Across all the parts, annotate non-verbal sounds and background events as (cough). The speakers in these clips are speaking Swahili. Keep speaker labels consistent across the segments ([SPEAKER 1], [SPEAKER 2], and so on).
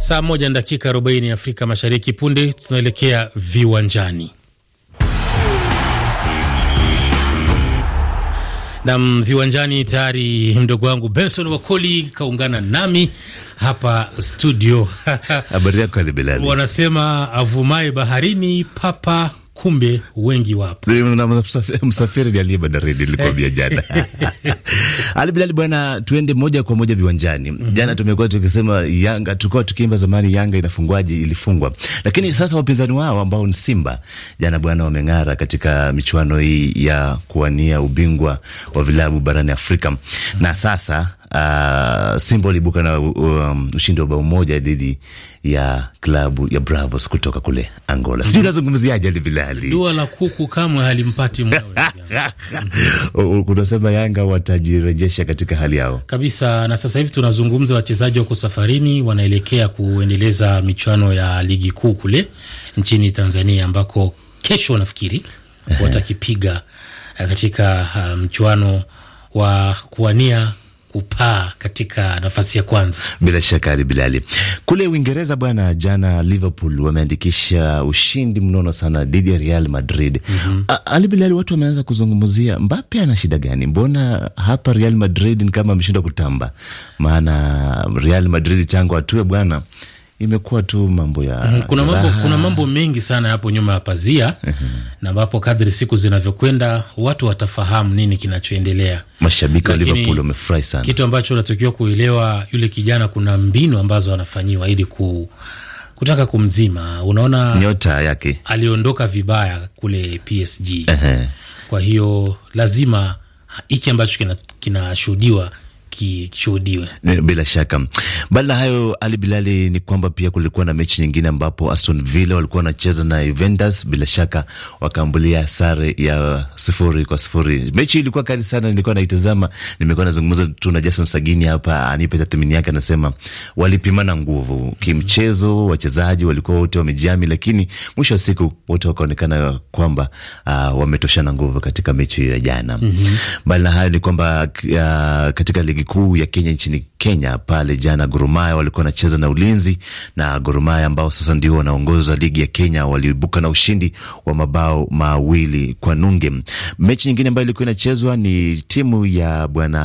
[SPEAKER 1] Saa moja na dakika 40 Afrika Mashariki. Punde tunaelekea viwanjani. Nam viwanjani tayari, mdogo wangu Benson Wakoli kaungana nami hapa studio. (laughs)
[SPEAKER 2] Habari yako Bilali.
[SPEAKER 1] Wanasema avumae baharini papa kumbe wengi wapo.
[SPEAKER 2] Msafiri aliye bandarini nilikwambia (laughs) jana. Ali Bilali bwana, tuende moja kwa moja viwanjani. mm -hmm. Jana tumekuwa tukisema Yanga, tulikuwa tukiimba zamani Yanga inafungwaje, ilifungwa. Lakini mhm. sasa wapinzani wao ambao ni Simba jana bwana, wameng'ara katika michuano hii ya kuwania ubingwa wa vilabu barani Afrika. mm -hmm. na sasa Uh, Simba waliibuka na um, ushindi wa bao moja dhidi ya klabu ya Bravos kutoka kule Angola. Sijui
[SPEAKER 1] nazungumziaje Ali Bilali, dua la kuku kamwe halimpati
[SPEAKER 2] (laughs) unasema Yanga watajirejesha katika hali yao
[SPEAKER 1] kabisa, na sasa hivi tunazungumza, wachezaji wako safarini, wanaelekea kuendeleza michuano ya ligi kuu kule nchini Tanzania, ambako kesho nafikiri watakipiga eh, katika ah, mchuano um, wa kuwania kupaa katika nafasi ya kwanza.
[SPEAKER 2] Bila shaka Ali Bilali, kule Uingereza bwana, jana Liverpool wameandikisha ushindi mnono sana dhidi ya Real Madrid. mm -hmm. Ali Bilali, watu wameanza kuzungumzia Mbappe ana shida gani? Mbona hapa Real Madrid ni kama ameshindwa kutamba? Maana Real Madrid tangu atue bwana imekuwa tu mambo ya eh, kuna mambo, kuna
[SPEAKER 1] mambo mengi sana hapo nyuma ya pazia eh. na ambapo kadri siku zinavyokwenda watu watafahamu nini kinachoendelea.
[SPEAKER 2] Mashabiki wa Liverpool wamefurahi sana.
[SPEAKER 1] Kitu ambacho unatakiwa kuelewa, yule kijana kuna mbinu ambazo anafanyiwa ili ku kutaka kumzima. Unaona
[SPEAKER 2] nyota yake
[SPEAKER 1] aliondoka vibaya kule PSG. Kwa hiyo lazima hiki ambacho kinashuhudiwa kina kishuhudiwe
[SPEAKER 2] eh, bila shaka. Bali na hayo, Ali Bilali, ni kwamba pia kulikuwa na mechi nyingine ambapo Aston Villa walikuwa wanacheza na Juventus, bila shaka wakaambulia sare ya sifuri kwa sifuri. Mechi ilikuwa kali sana, nilikuwa naitazama, nimekuwa nazungumza tu na Jason Sagini hapa, anipe tathmini yake. Anasema walipimana nguvu kimchezo, wachezaji walikuwa wote wamejiami, lakini mwisho wa siku wote wakaonekana kwamba uh, wametoshana nguvu katika mechi ya jana. Mhm. Bali na hayo, ni kwamba uh, katika ligi ligi kuu ya Kenya nchini Kenya pale jana, Gor Mahia walikuwa wanacheza na Ulinzi na Gor Mahia ambao sasa ndio wanaongoza ligi ya Kenya waliibuka na ushindi wa mabao mawili kwa nunge. Mechi nyingine ambayo ilikuwa inachezwa ni timu ya bwana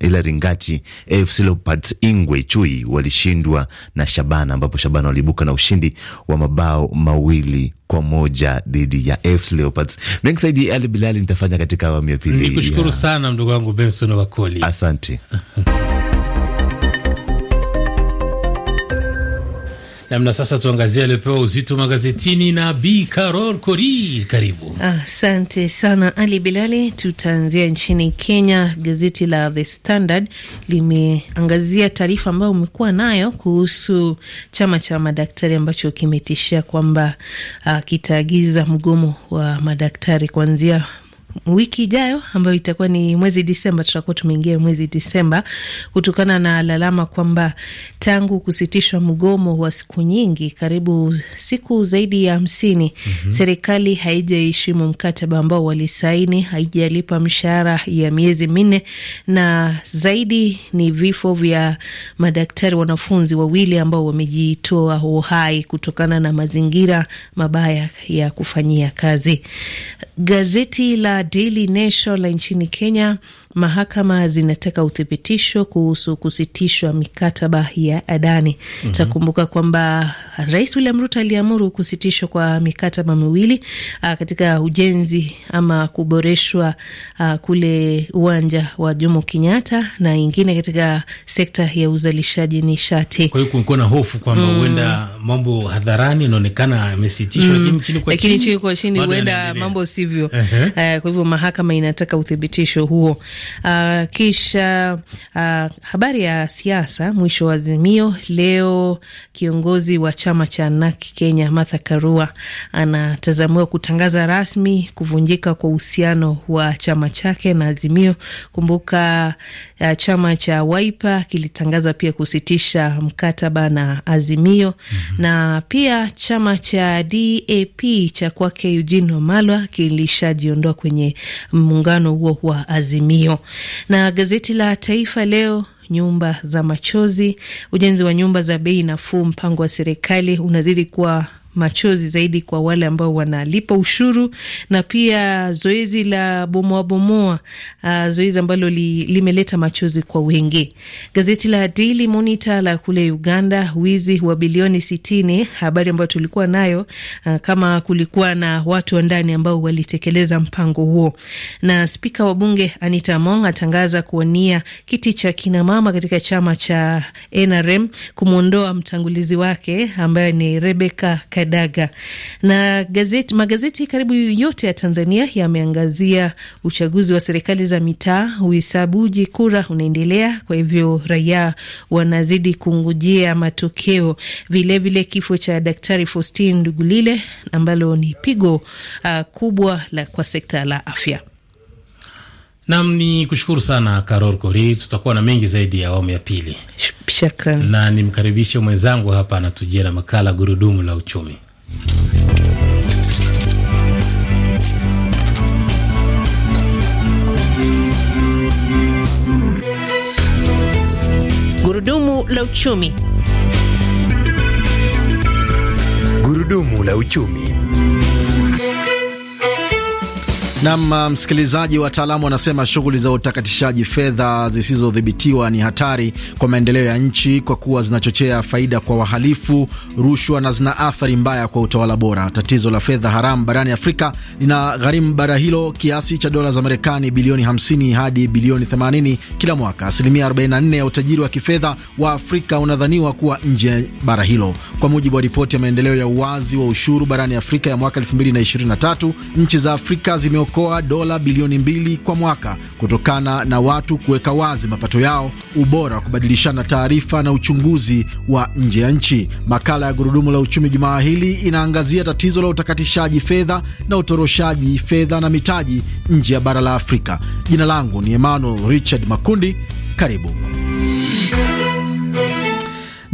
[SPEAKER 2] Ilaringati Ngati AFC Leopards Ingwe Chui walishindwa na Shabana, ambapo Shabana waliibuka na ushindi wa mabao mawili kwa moja dhidi ya AFC Leopards. Mengi zaidi Ali Bilali nitafanya katika awamu ya pili. Nikushukuru sana
[SPEAKER 1] ndugu wangu Benson Wakoli, asante (laughs) namna. Sasa tuangazie aliyopewa uzito magazetini na b Carol Kori, karibu.
[SPEAKER 3] Asante ah, sana Ali Bilali. Tutaanzia nchini Kenya. Gazeti la The Standard limeangazia taarifa ambayo umekuwa nayo kuhusu chama cha madaktari ambacho kimetishia kwamba ah, kitaagiza mgomo wa madaktari kuanzia wiki ijayo ambayo itakuwa ni mwezi Disemba, tutakuwa tumeingia mwezi Disemba, kutokana na lalama kwamba tangu kusitishwa mgomo wa siku nyingi, karibu siku zaidi ya hamsini, mm -hmm. serikali haijaheshimu mkataba ambao walisaini, haijalipa mshahara ya miezi minne, na zaidi ni vifo vya madaktari wanafunzi wawili ambao wamejitoa uhai kutokana na mazingira mabaya ya kufanyia kazi. Gazeti la Daily Nation la nchini Kenya mahakama zinataka uthibitisho kuhusu kusitishwa mikataba ya Adani. mm -hmm. Takumbuka kwamba Rais William Ruto aliamuru kusitishwa kwa mikataba miwili ah, katika ujenzi ama kuboreshwa a, ah, kule uwanja wa Jomo Kenyatta na ingine katika sekta ya uzalishaji nishati.
[SPEAKER 1] Kwa hiyo kulikuwa na hofu kwamba mm. huenda mm. mambo hadharani inaonekana yamesitishwa, lakini mm. chini kwa
[SPEAKER 3] chini, lakini chini kwa chini huenda mambo sivyo. uh -huh. Uh, kwa hivyo mahakama inataka uthibitisho huo. Uh, kisha uh, habari ya siasa, mwisho wa Azimio leo. Kiongozi wa chama cha NAK Kenya Martha Karua anatazamiwa kutangaza rasmi kuvunjika kwa uhusiano wa chama chake na Azimio. Kumbuka uh, chama cha Waipa kilitangaza pia kusitisha mkataba na Azimio mm -hmm. na pia chama cha DAP cha kwake Eugene Wamalwa kilishajiondoa kwenye muungano huo wa Azimio. Na gazeti la Taifa Leo, nyumba za machozi, ujenzi wa nyumba za bei nafuu, mpango wa serikali unazidi kuwa machozi zaidi kwa wale ambao wanalipa ushuru, na pia zoezi la bomoa bomoa, uh, zoezi ambalo li, limeleta machozi kwa wengi. Gazeti la Daily Monitor la kule Uganda, wizi wa bilioni sitini, habari ambayo tulikuwa nayo uh, kama kulikuwa na watu wa ndani ambao walitekeleza mpango huo. Na spika wa bunge Anita Among atangaza kuwania kiti cha kinamama katika chama cha NRM kumwondoa mtangulizi wake ambaye ni Rebecca Kadaga. Na gazeti, magazeti karibu yote ya Tanzania yameangazia uchaguzi wa serikali za mitaa, uhesabuji kura unaendelea, kwa hivyo raia wanazidi kungojea matokeo. Vilevile kifo cha Daktari Faustin Ndugulile ambalo ni pigo uh, kubwa la, kwa sekta la afya.
[SPEAKER 1] Nam ni kushukuru sana Karol Kori, tutakuwa na mengi zaidi ya awamu ya pili. Shukran, na nimkaribishe mwenzangu hapa anatujia na makala gurudumu la uchumi.
[SPEAKER 3] Gurudumu la uchumi,
[SPEAKER 4] gurudumu la uchumi. Nam uh, msikilizaji, wataalamu wanasema shughuli za utakatishaji fedha zisizodhibitiwa ni hatari kwa maendeleo ya nchi kwa kuwa zinachochea faida kwa wahalifu, rushwa na zina athari mbaya kwa utawala bora. Tatizo la fedha haramu barani Afrika lina gharimu bara hilo kiasi cha dola za Marekani bilioni 50 hadi bilioni 80 kila mwaka. Asilimia 44 ya utajiri wa kifedha wa Afrika unadhaniwa kuwa nje ya bara hilo, kwa mujibu wa ripoti ya maendeleo ya uwazi wa ushuru barani Afrika ya mwaka 2023. Nchi za Afrika zime kuokoa dola bilioni mbili kwa mwaka kutokana na watu kuweka wazi mapato yao, ubora wa kubadilishana taarifa na uchunguzi wa nje ya nchi. Makala ya Gurudumu la Uchumi jumaa hili inaangazia tatizo la utakatishaji fedha na utoroshaji fedha na mitaji nje ya bara la Afrika. Jina langu ni Emmanuel Richard Makundi. Karibu.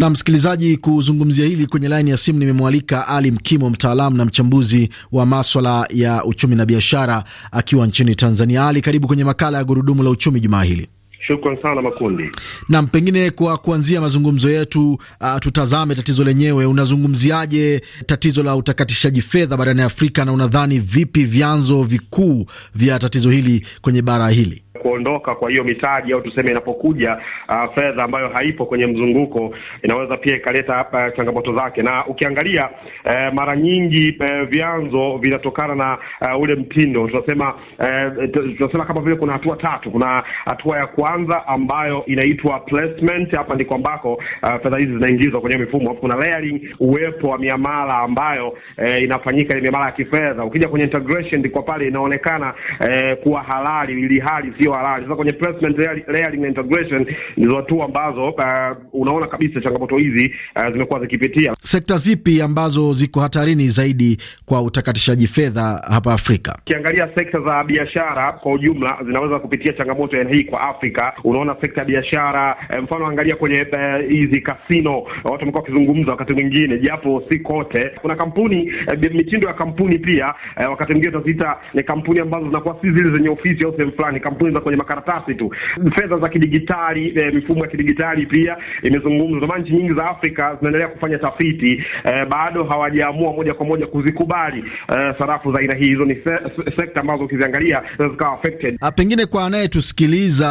[SPEAKER 4] Na msikilizaji, kuzungumzia hili kwenye laini ya simu nimemwalika Ali Mkimo, mtaalamu na mchambuzi wa maswala ya uchumi na biashara, akiwa nchini Tanzania. Ali, karibu kwenye makala ya gurudumu la uchumi jumaa hili.
[SPEAKER 5] Shukran sana Makundi.
[SPEAKER 4] Naam, pengine kwa kuanzia mazungumzo yetu, uh, tutazame tatizo lenyewe. Unazungumziaje tatizo la utakatishaji fedha barani Afrika, na unadhani vipi vyanzo vikuu vya tatizo hili kwenye bara hili?
[SPEAKER 5] kuondoka kwa hiyo mitaji au tuseme inapokuja uh, fedha ambayo haipo kwenye mzunguko inaweza pia ikaleta hapa ah, changamoto zake, na ukiangalia uh, mara nyingi uh, vyanzo vinatokana na uh, ule mtindo tunasema, uh, tunasema kama vile kuna hatua tatu. Kuna hatua ya kwanza ambayo inaitwa placement, hapa ndiko ambako uh, fedha hizi zinaingizwa kwenye mifumo. hapo Kuna layering, uwepo wa miamala ambayo uh, inafanyika ile miamala ya kifedha. Ukija kwenye integration, ndiko pale inaonekana eh, kuwa halali ili hali sio halali. Sasa kwenye placement layering na integration ndizo hatua ambazo uh, unaona kabisa changamoto hizi uh, zimekuwa zikipitia.
[SPEAKER 4] Sekta zipi ambazo ziko hatarini zaidi kwa utakatishaji fedha hapa Afrika?
[SPEAKER 5] Ukiangalia sekta za biashara kwa ujumla zinaweza kupitia changamoto ya hii kwa Afrika. Unaona sekta ya biashara eh, mfano angalia kwenye eh, hizi eh, kasino, watu wamekuwa wakizungumza wakati mwingine, japo si kote. Kuna kampuni eh, mitindo ya kampuni pia eh, wakati mwingine utaziita ni kampuni ambazo zinakuwa si zile zenye ofisi au sehemu fulani, kampuni za kwenye makaratasi tu. Fedha za kidigitali, e, mifumo ya kidigitali pia imezungumzwa. Maana nchi nyingi za Afrika zinaendelea kufanya tafiti e, bado hawajaamua moja kwa moja kuzikubali e, sarafu za aina hii. Hizo ni se, se, sekta ambazo ukiziangalia zikawa affected. A, ah,
[SPEAKER 4] pengine kwa anayetusikiliza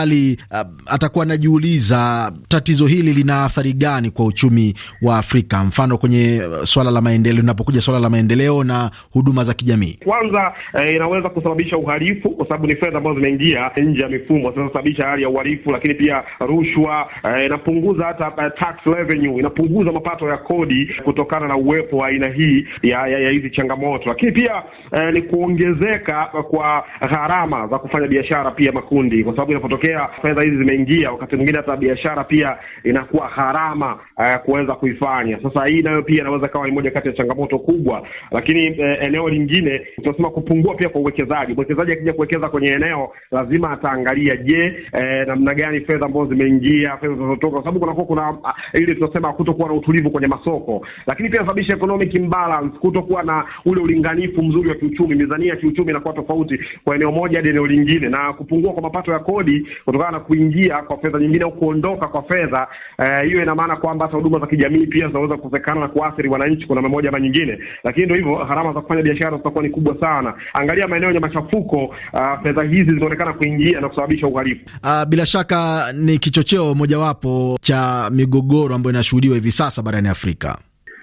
[SPEAKER 4] ali a, ah, atakuwa anajiuliza tatizo hili lina athari gani kwa uchumi wa Afrika, mfano kwenye swala la maendeleo, linapokuja swala la maendeleo na huduma za kijamii.
[SPEAKER 5] Kwanza e, inaweza kusababisha kusababisha uhalifu, kwa sababu ni fedha ambazo zinaingia nje ya mifumo, sababisha hali ya uhalifu. Lakini pia rushwa eh, inapunguza hata uh, tax revenue, inapunguza mapato ya kodi kutokana na uwepo wa aina hii ya, ya, ya hizi changamoto. Lakini pia eh, ni kuongezeka kwa gharama za kufanya biashara pia makundi, kwa sababu inapotokea fedha hizi zimeingia, wakati mwingine hata biashara pia inakuwa gharama eh, kuweza kuifanya. Sasa hii nayo pia inaweza kawa ni moja kati ya changamoto kubwa, lakini eh, eneo lingine tunasema kupungua pia kwa uwekezaji mwekezaji. Mwekezaji akija kuwekeza kwenye eneo lazima ataangalia, je, eh, namna gani fedha ambazo zimeingia, fedha zinazotoka, kwa sababu kunakuwa kuna, kuna uh, ile tunasema kutokuwa na utulivu kwenye masoko, lakini pia sababisha economic imbalance, kutokuwa na ule ulinganifu mzuri wa kiuchumi. Mizania ya kiuchumi inakuwa tofauti kwa eneo moja hadi eneo lingine, na kupungua kwa mapato ya kodi kutokana na kuingia kwa fedha nyingine au kuondoka kwa fedha eh, hiyo, eh, ina maana kwamba hata huduma za kijamii pia zinaweza kukosekana na kuathiri wananchi kuna mmoja ama nyingine, lakini ndio hivyo, gharama za kufanya biashara zitakuwa ni kubwa sana. Angalia maeneo yenye machafuko uh, fedha hizi zinaonekana kuingia na kusababisha uhalifu.
[SPEAKER 4] Uh, bila shaka ni kichocheo mojawapo cha migogoro ambayo inashuhudiwa hivi sasa barani Afrika.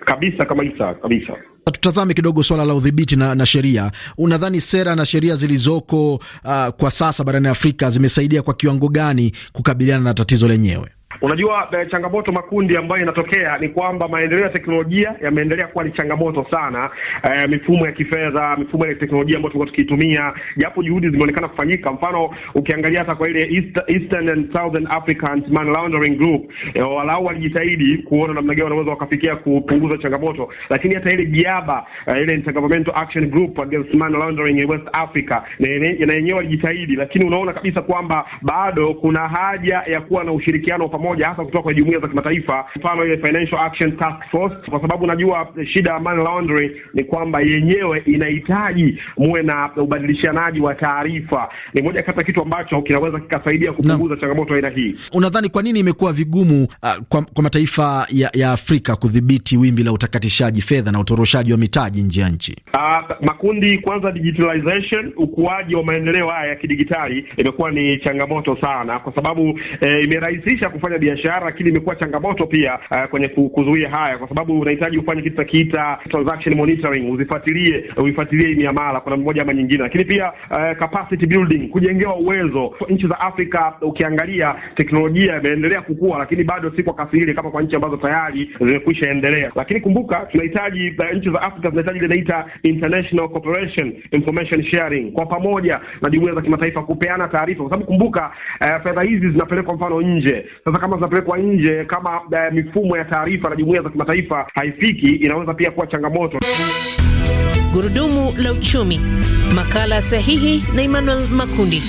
[SPEAKER 5] Kabisa kabisa kabisa.
[SPEAKER 4] Tutazame kidogo swala la udhibiti na, na sheria. Unadhani sera na sheria zilizoko uh, kwa sasa barani Afrika zimesaidia kwa kiwango gani kukabiliana na tatizo lenyewe?
[SPEAKER 5] Unajua eh, changamoto makundi ambayo inatokea ni kwamba maendeleo ya teknolojia yameendelea kuwa ni changamoto sana. Eh, mifumo ya kifedha, mifumo ya teknolojia ambayo tulikuwa tukiitumia, japo juhudi zimeonekana kufanyika. Mfano, ukiangalia hata kwa ile East, Eastern and Southern African Money Laundering Group eh, walau walijitahidi kuona namna gani wanaweza wakafikia kupunguza changamoto, lakini hata ile GIABA eh, ile Intergovernmental Action Group Against Money Laundering in West Africa na yenyewe walijitahidi, lakini unaona kabisa kwamba bado kuna haja ya kuwa na ushirikiano pamoja pamoja, hasa kutoka kwenye jumuiya za kimataifa, mfano ile Financial Action Task Force, kwa sababu najua shida ya money laundering ni kwamba yenyewe inahitaji muwe na ubadilishanaji wa taarifa. Ni moja kati ya kitu ambacho kinaweza kikasaidia kupunguza changamoto aina hii.
[SPEAKER 4] Unadhani kwa nini imekuwa vigumu uh, kwa, kwa mataifa ya, ya Afrika kudhibiti wimbi la utakatishaji fedha na utoroshaji wa mitaji nje ya nchi?
[SPEAKER 5] Uh, makundi kwanza, digitalization, ukuaji wa maendeleo haya ya kidigitali imekuwa ni changamoto sana, kwa sababu eh, imerahisisha kufanya biashara, lakini imekuwa changamoto pia uh, kwenye kuzuia haya, kwa sababu unahitaji ufanye kitu cha kiita transaction monitoring, uzifuatilie uifuatilie miamala kuna mmoja ama nyingine, lakini pia uh, capacity building, kujengewa uwezo. Nchi za Afrika ukiangalia teknolojia imeendelea kukua, lakini bado si kwa kasi ile kama kwa nchi ambazo tayari zimekwisha endelea. Lakini kumbuka, tunahitaji eh, nchi za Afrika zinahitaji ile inaita international cooperation information sharing, kwa pamoja na jumuiya za kimataifa kupeana taarifa, kwa sababu kumbuka, uh, fedha hizi zinapelekwa mfano nje. Sasa kama zinapelekwa nje, kama uh, mifumo ya taarifa na jumuiya za kimataifa haifiki, inaweza pia kuwa changamoto.
[SPEAKER 3] Gurudumu la uchumi, makala sahihi na Emmanuel Makundi.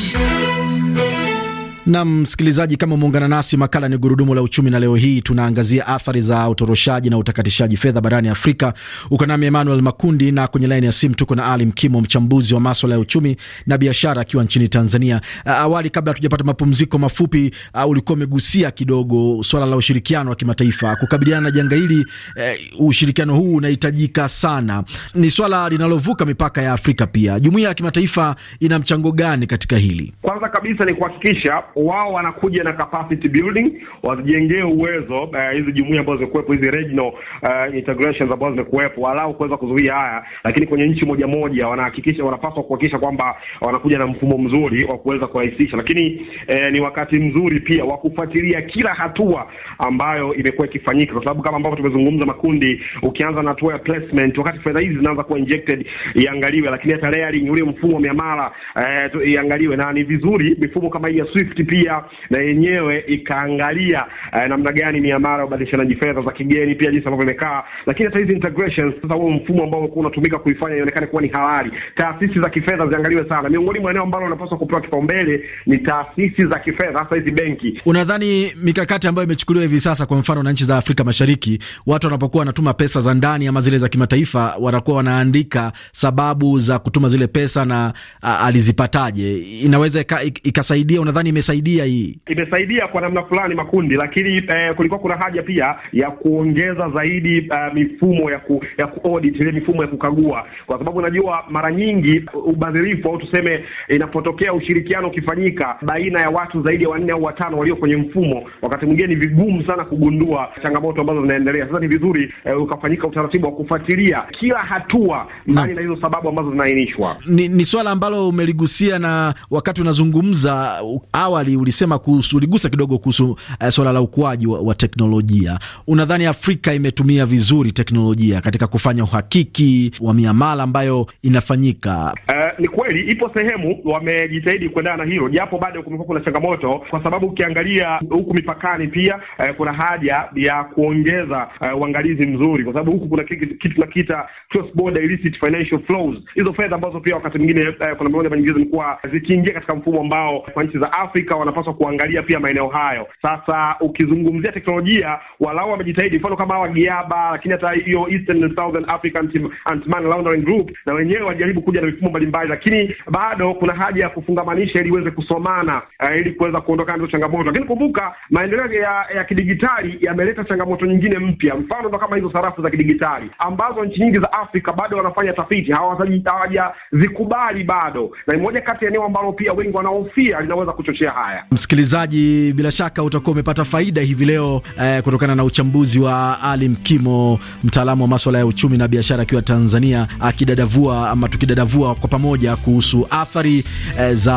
[SPEAKER 4] Na msikilizaji, kama umeungana nasi, makala ni gurudumu la uchumi, na leo hii tunaangazia athari za utoroshaji na utakatishaji fedha barani Afrika. Uko nami Emmanuel Makundi, na kwenye laini ya simu tuko na Ali Mkimo, mchambuzi wa maswala ya uchumi na biashara, akiwa nchini Tanzania. Awali, kabla hatujapata mapumziko mafupi, ulikuwa umegusia kidogo swala la ushirikiano wa kimataifa kukabiliana na janga hili. E, ushirikiano huu unahitajika sana, ni swala linalovuka mipaka ya Afrika. Pia jumuiya ya kimataifa ina mchango gani katika hili?
[SPEAKER 5] Kwanza kabisa ni kuhakikisha wao wanakuja na capacity building, wajengee uwezo eh, hizi uh, jumuiya ambazo zimekuwepo hizi regional uh, integrations ambazo zimekuwepo, walau kuweza kuzuia haya, lakini kwenye nchi moja moja wanahakikisha wanapaswa kuhakikisha kwamba wanakuja na mfumo mzuri wa kuweza kurahisisha, lakini eh, ni wakati mzuri pia wa kufuatilia kila hatua ambayo imekuwa ikifanyika, kwa sababu kama ambavyo tumezungumza, makundi, ukianza na hatua ya placement, wakati fedha hizi zinaanza kuwa injected iangaliwe, lakini hata layering, ule mfumo wa miamala eh, iangaliwe, na ni vizuri mifumo kama hii ya Swift lakini pia na yenyewe ikaangalia eh, namna gani miamara ya ubadilishanaji fedha za kigeni pia jinsi ambavyo imekaa, lakini hata hizi integrations sasa, huo mfumo ambao ulikuwa unatumika kuifanya ionekane kuwa ni halali, taasisi za kifedha ziangaliwe sana. Miongoni mwa eneo ambalo unapaswa kupewa kipaumbele ni taasisi za kifedha, hasa hizi benki. Unadhani
[SPEAKER 4] mikakati ambayo imechukuliwa hivi sasa, kwa mfano na nchi za Afrika Mashariki, watu wanapokuwa wanatuma pesa za ndani ama zile za kimataifa, wanakuwa wanaandika sababu za kutuma zile pesa na a, alizipataje, inaweza ikasaidia? Unadhani imesaidia imesaidia hii,
[SPEAKER 5] imesaidia kwa namna fulani makundi, lakini eh, kulikuwa kuna haja pia ya kuongeza zaidi eh, mifumo ya ku, ya audit ile mifumo ya kukagua, kwa sababu najua mara nyingi ubadhirifu au tuseme inapotokea ushirikiano ukifanyika baina ya watu zaidi ya wanne au watano walio kwenye mfumo, wakati mwingine ni vigumu sana kugundua changamoto ambazo zinaendelea. Sasa ni vizuri eh, ukafanyika utaratibu wa kufuatilia kila hatua mbali na hizo sababu ambazo zinaainishwa.
[SPEAKER 4] Ni, ni swala ambalo umeligusia na wakati unazungumza awali awali ulisema kuhusu, uligusa kidogo kuhusu uh, swala la ukuaji wa, wa teknolojia. Unadhani Afrika imetumia vizuri teknolojia katika kufanya uhakiki wa miamala ambayo inafanyika?
[SPEAKER 5] Uh, ni kweli ipo sehemu wamejitahidi kuendana na hilo, japo bado kumekuwa kuna changamoto, kwa sababu ukiangalia huku mipakani pia eh, kuna haja ya kuongeza eh, uangalizi mzuri, kwa sababu huku kuna kitu tunakiita cross border illicit financial flows, hizo fedha ambazo pia wakati mwingine eh, kuna mmoja mwingine zimekuwa zikiingia katika mfumo ambao kwa nchi za Afrika wanapaswa kuangalia pia maeneo hayo. Sasa ukizungumzia teknolojia, walau wamejitahidi, mfano kama hawa Giaba, lakini hata hiyo Eastern and Southern African Anti-Money Laundering Group na wenyewe wajaribu kuja na mifumo mbalimbali mbalimbali, lakini bado kuna haja ya kufungamanisha ili iweze kusomana, uh, ili kuweza kuondokana na changamoto. Lakini kumbuka maendeleo ya, ya kidigitali yameleta changamoto nyingine mpya, mfano ndo kama hizo sarafu za kidigitali ambazo nchi nyingi za Afrika bado wanafanya tafiti, hawajazikubali bado, na moja kati ya eneo ambalo pia wengi wanaofia linaweza kuchochea haya.
[SPEAKER 4] Msikilizaji, bila shaka utakuwa umepata faida hivi leo eh, kutokana na uchambuzi wa Ali Mkimo, mtaalamu wa maswala ya uchumi na biashara akiwa Tanzania, akidadavua ama tukidadavua kwa pamoja pamoja kuhusu athari e, za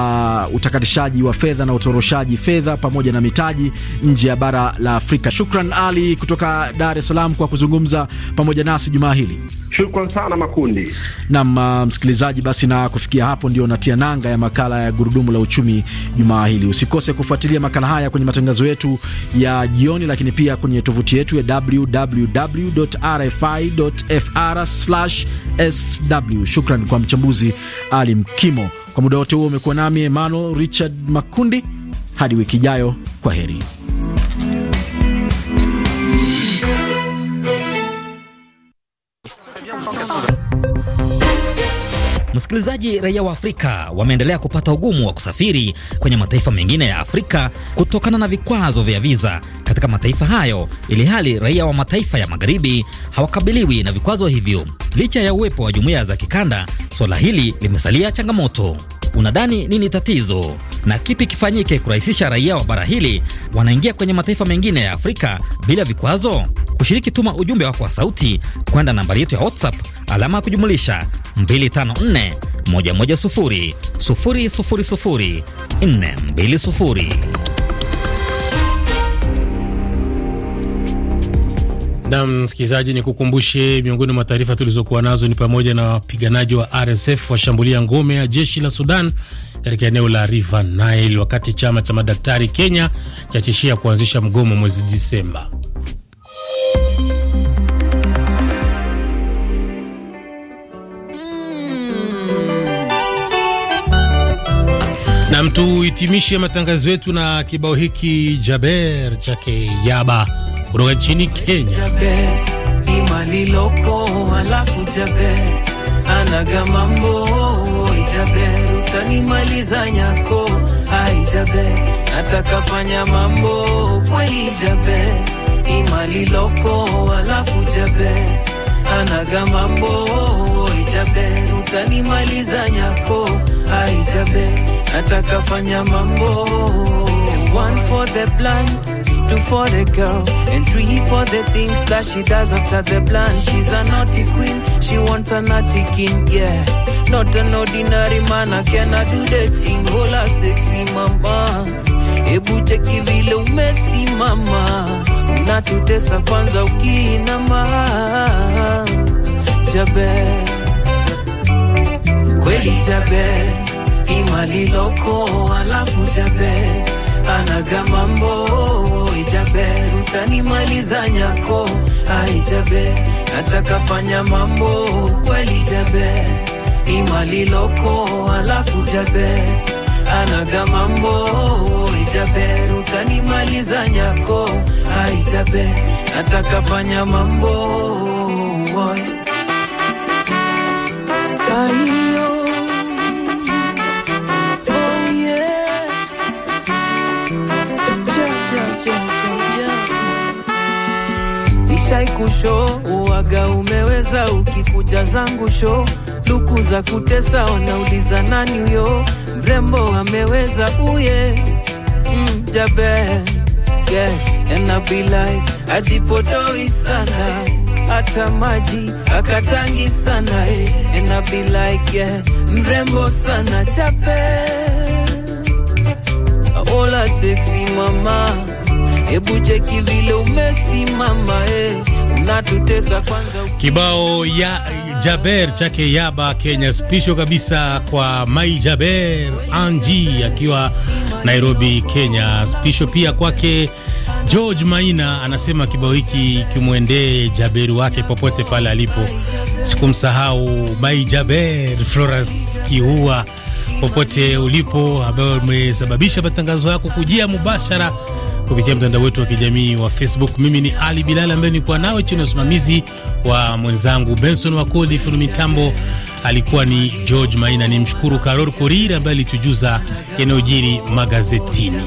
[SPEAKER 4] utakatishaji wa fedha na utoroshaji fedha pamoja na mitaji nje ya bara la Afrika. Shukran Ali kutoka Dar es Salaam kwa kuzungumza pamoja nasi jumaa hili. Shukran sana Makundi. Naam uh, msikilizaji, basi na kufikia hapo ndio natia nanga ya makala ya gurudumu la uchumi jumaa hili. Usikose kufuatilia makala haya kwenye matangazo yetu ya jioni, lakini pia kwenye tovuti yetu ya www.rfi.fr/sw. Shukran kwa mchambuzi ali Mkimo. Kwa muda wote huo umekuwa nami Emmanuel Richard Makundi, hadi wiki ijayo, kwa heri.
[SPEAKER 1] Msikilizaji, raia wa Afrika wameendelea kupata ugumu wa kusafiri kwenye mataifa mengine ya Afrika kutokana na vikwazo vya viza katika mataifa hayo, ili hali raia wa mataifa ya magharibi hawakabiliwi na vikwazo hivyo. Licha ya uwepo wa jumuiya za kikanda, suala hili limesalia changamoto. Unadhani nini tatizo na kipi kifanyike kurahisisha raia wa bara hili wanaingia kwenye mataifa mengine ya Afrika bila vikwazo? Kushiriki, tuma ujumbe wako wa sauti kwenda nambari yetu ya WhatsApp alama ya kujumulisha 254 nne mbili sufuri. Na msikilizaji, ni kukumbushe miongoni mwa taarifa tulizokuwa nazo ni pamoja na wapiganaji wa RSF washambulia ngome ya jeshi la Sudan katika eneo la River Nile, wakati chama cha madaktari Kenya chatishia kuanzisha mgomo mwezi Disemba. Nam, tuhitimishe matangazo yetu na kibao hiki Jaber chake Yaba kutoka nchini Kenya.
[SPEAKER 6] anaga mambo Jaber, utanimaliza nyako ai Jaber, nataka fanya mambo kweli Jaber, alafu Jaber anaga mambo Jaber, utanimaliza nyako ai Jaber nataka fanya mambo one for the blunt two for the girl and three for the things that she does after the plan. She's a naughty queen, she wants a naughty king, yeah. Not an ordinary man, I cannot do the thing. Hola sexy mama, hebu cheki vile umesimama, unatutesa kwanza ukiinama, jabe kweli jabe imali loko alafu jabe anagamambo ijabe utanimaliza nyako aijabe nataka fanya mambo kweli jabe imali loko alafu jabe anagamambo ijabe utanimaliza nyako aijabe nataka fanya mambo boy. shaikusho uwaga umeweza ukifuja zangu sho duku za kutesa wanauliza nani huyo mrembo ameweza uye mjabe mm, yeah, and be like sana hata maji akatangi sana enabilai eh, and be like yeah, mrembo sana chape ola sexy mama Hebu cheki vile umesimama eh. unatutesa kwanza.
[SPEAKER 1] Kibao ya Jaber chake Yaba Kenya, spisho kabisa kwa Mai Jaber Anji akiwa Nairobi Kenya, spisho pia kwake George Maina anasema kibao hiki kimwendee Jaberi wake popote pale alipo. Sikumsahau Mai Jaber, Florence Kihua, popote ulipo, ambayo umesababisha matangazo yako kujia mubashara kupitia mtandao wetu wa kijamii wa Facebook. Mimi ni Ali Bilal ambaye nilikuwa nawe chini ya usimamizi wa mwenzangu Benson Wakoli. Fundi mitambo alikuwa ni George Maina. Ni mshukuru Karol Kuriri ambaye alitujuza yanayojiri magazetini.